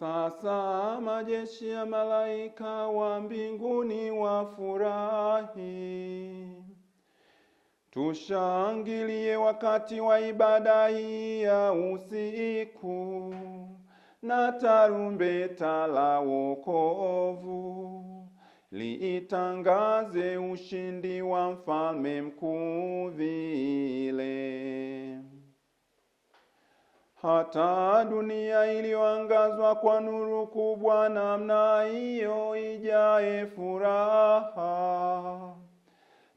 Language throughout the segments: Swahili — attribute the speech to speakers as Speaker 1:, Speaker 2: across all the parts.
Speaker 1: Sasa majeshi ya malaika wa mbinguni wafurahi, tushangilie wakati wa ibada hii ya usiku na tarumbeta la wokovu liitangaze ushindi wa mfalme mkuu vile hata dunia iliyoangazwa kwa nuru kubwa namna hiyo ijae furaha,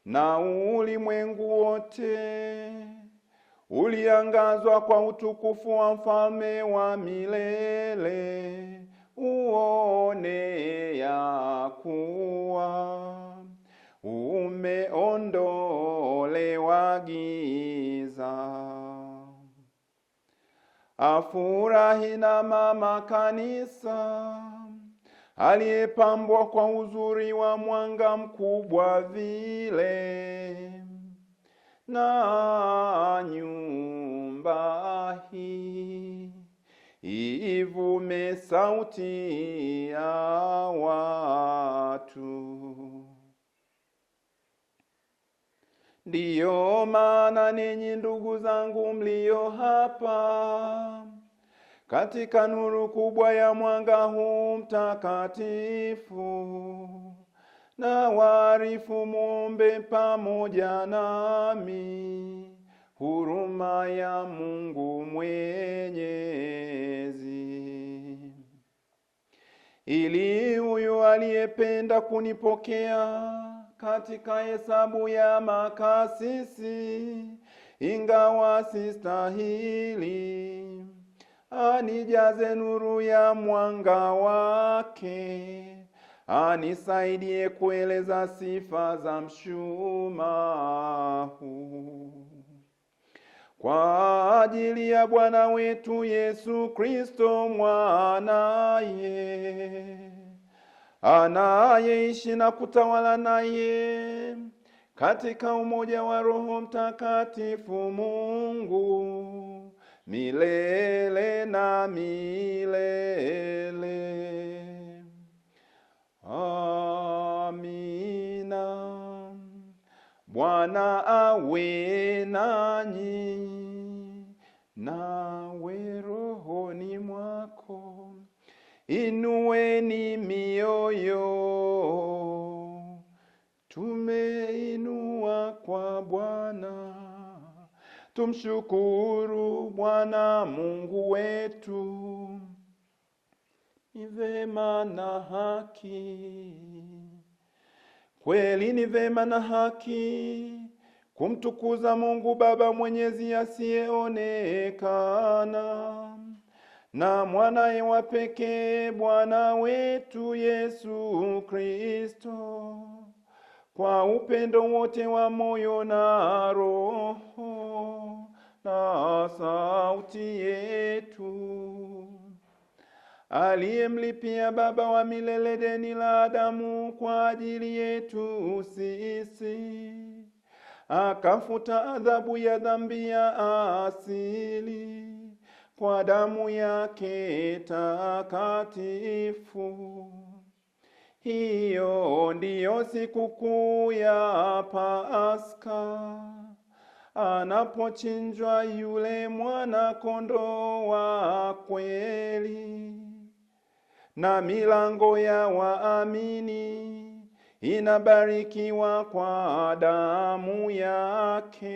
Speaker 1: na ulimwengu wote uliangazwa kwa utukufu wa mfalme wa milele. afurahi na mama kanisa aliyepambwa kwa uzuri wa mwanga mkubwa vile na nyumba hii ivume sauti ya watu Ndiyo maana ninyi ndugu zangu mlio hapa katika nuru kubwa ya mwanga huu mtakatifu, na warifu muombe pamoja nami huruma ya Mungu Mwenyezi, ili huyu aliyependa kunipokea katika hesabu ya makasisi, ingawa sistahili, anijaze nuru ya mwanga wake anisaidie kueleza sifa za mshumahu kwa ajili ya Bwana wetu Yesu Kristo mwanaye anayeishi na kutawala naye katika umoja wa Roho Mtakatifu Mungu milele na milele. Amina. Bwana awe nanyi nawe Inueni mioyo, tumeinua kwa Bwana, tumshukuru Bwana Mungu wetu, ni vema na haki, kweli ni vema na haki kumtukuza Mungu Baba mwenyezi asiyeonekana na mwanaye wa pekee Bwana wetu Yesu Kristo, kwa upendo wote wa moyo na roho na sauti yetu, aliyemlipia Baba wa milele deni la Adamu kwa ajili yetu sisi, akafuta adhabu ya dhambi ya asili kwa damu yake takatifu. Hiyo ndiyo sikukuu ya Paska, anapochinjwa yule mwana kondoo wa kweli, na milango ya waamini inabarikiwa kwa damu yake.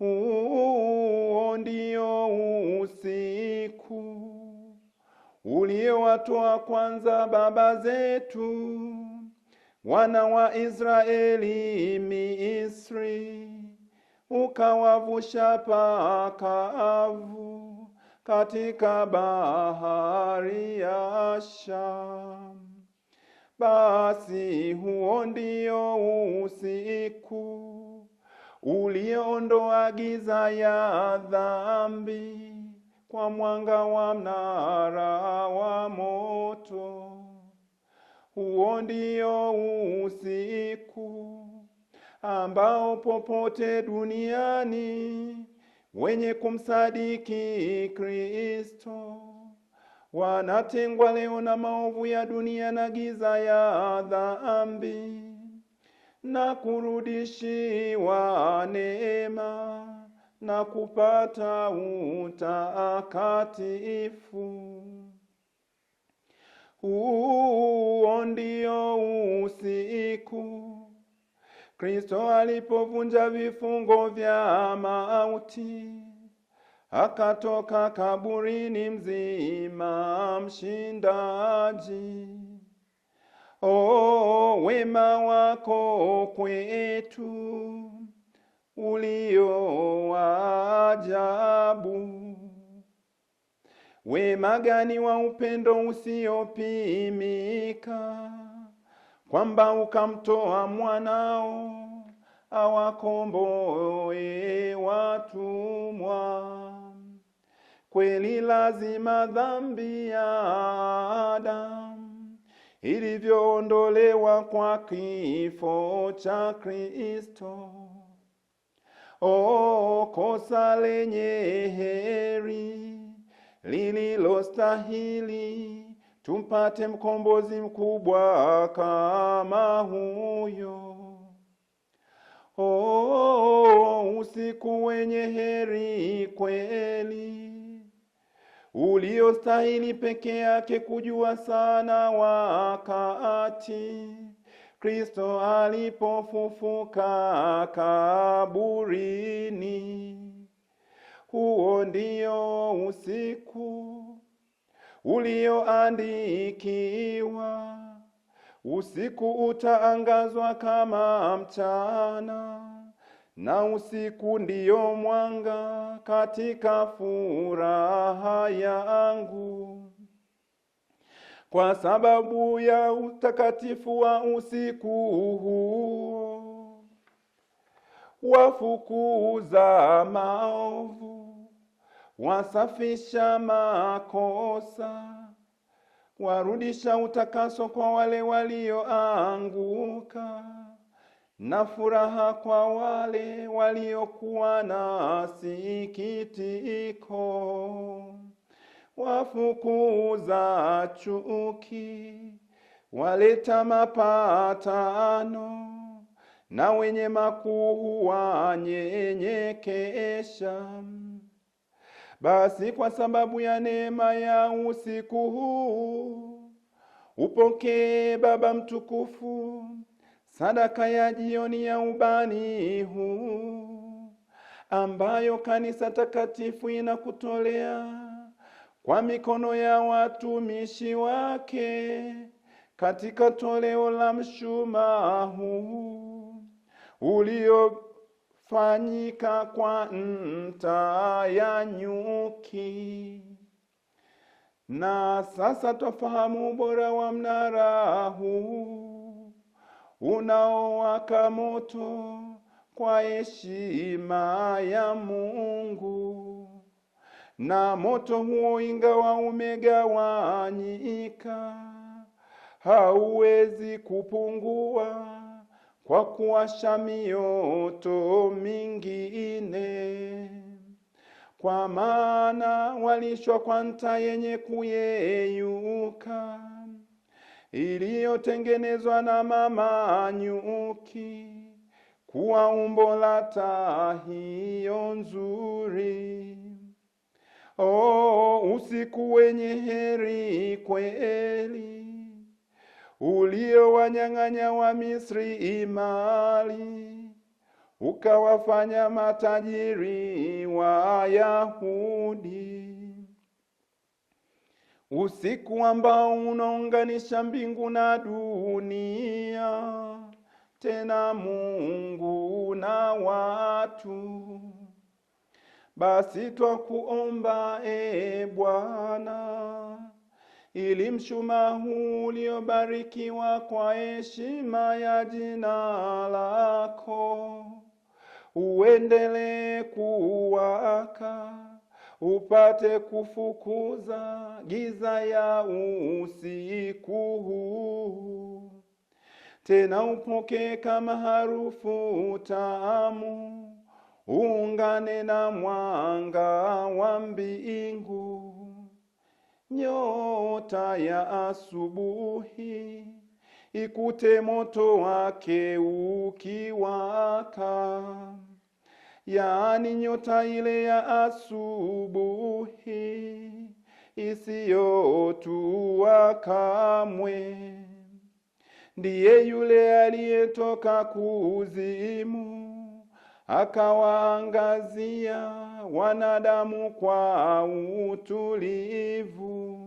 Speaker 1: Huo ndio usiku uliowatoa kwanza baba zetu wana wa Israeli Misri, ukawavusha pakavu katika bahari ya Shamu. Basi huo ndio usiku uliondoa giza ya dhambi kwa mwanga wa mnara wa moto. Huo ndio usiku ambao popote duniani wenye kumsadiki Kristo wanatengwa leo na maovu ya dunia na giza ya dhambi na kurudishiwa neema na kupata utakatifu. Huo ndio usiku Kristo alipovunja vifungo vya mauti, akatoka kaburini mzima, mshindaji. O wema wako kwetu ulio ajabu, wema gani wa upendo usiopimika, kwamba ukamtoa mwanao awakomboe watumwa. Kweli lazima dhambi ya Adamu ilivyoondolewa kwa kifo cha Kristo. O, kosa lenye heri lililostahili tumpate mkombozi mkubwa kama huyo. O, usiku wenye heri kweli uliostahili peke yake kujua sana wakati Kristo alipofufuka kaburini. Huo ndio usiku ulioandikiwa, usiku utaangazwa kama mchana na usiku ndiyo mwanga katika furaha yangu. Kwa sababu ya utakatifu wa usiku huo, wafukuza maovu, wasafisha makosa, warudisha utakaso kwa wale walioanguka na furaha kwa wale waliokuwa na sikitiko, wafukuza chuki, waleta mapatano, na wenye makuu wanyenyekesha. Basi kwa sababu ya neema ya usiku huu, upokee Baba mtukufu Sadaka ya jioni ya ubani huu ambayo kanisa takatifu inakutolea kwa mikono ya watumishi wake katika toleo la mshumaa huu uliofanyika kwa nta ya nyuki. Na sasa twafahamu ubora wa mnara huu unaowaka moto kwa heshima ya Mungu, na moto huo ingawa umegawanyika hauwezi kupungua kwa kuwasha mioto mingine, kwa maana walishwa kwa nta yenye kuyeyuka iliyotengenezwa na mama nyuki kuwa umbo la taa hiyo nzuri. Oh, usiku wenye heri kweli uliowanyang'anya wa Misri imali ukawafanya matajiri wa Yahudi usiku ambao unaunganisha mbingu na dunia, tena Mungu na watu. Basi twakuomba e Bwana, ili mshumaa huu uliobarikiwa kwa heshima ya jina lako uendelee kuwaka upate kufukuza giza ya usiku huu, tena upokee kama harufu tamu, uungane na mwanga wa mbingu, nyota ya asubuhi ikute moto wake ukiwaka yaani nyota ile ya asubuhi isiyotua kamwe, ndiye yule aliyetoka kuzimu akawaangazia wanadamu kwa utulivu.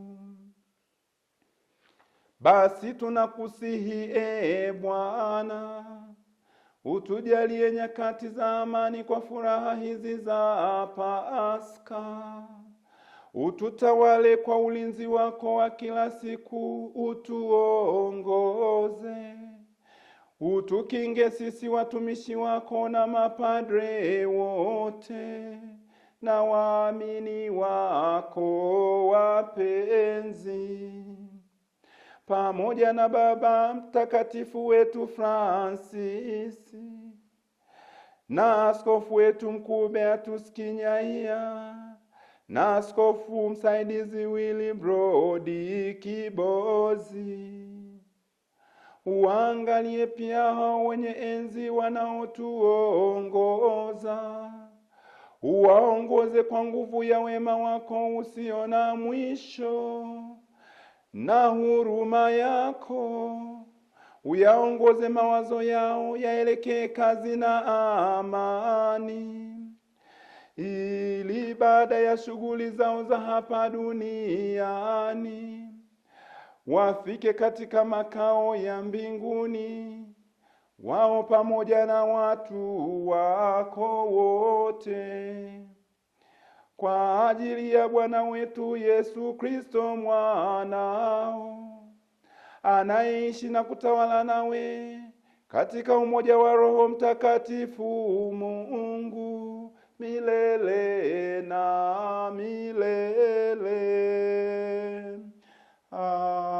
Speaker 1: Basi tunakusihi e Bwana Utujalie nyakati za amani kwa furaha hizi za Pasaka. Ututawale kwa ulinzi wako wa kila siku, utuongoze. Utukinge sisi watumishi wako na mapadre wote na waamini wako wapenzi pamoja na Baba Mtakatifu wetu Francis na askofu wetu mkuu Beatus Kinyaia na askofu msaidizi Wilibrodi Kibozi. Uangalie pia hao wenye enzi wanaotuongoza, uwaongoze kwa nguvu ya wema wako usio na mwisho na huruma yako uyaongoze mawazo yao yaelekee kazi na amani, ili baada ya shughuli zao za hapa duniani wafike katika makao ya mbinguni, wao pamoja na watu wako wote kwa ajili ya Bwana wetu Yesu Kristo mwanao, anaishi na kutawala nawe katika umoja wa Roho Mtakatifu Mungu milele na milele. Ah.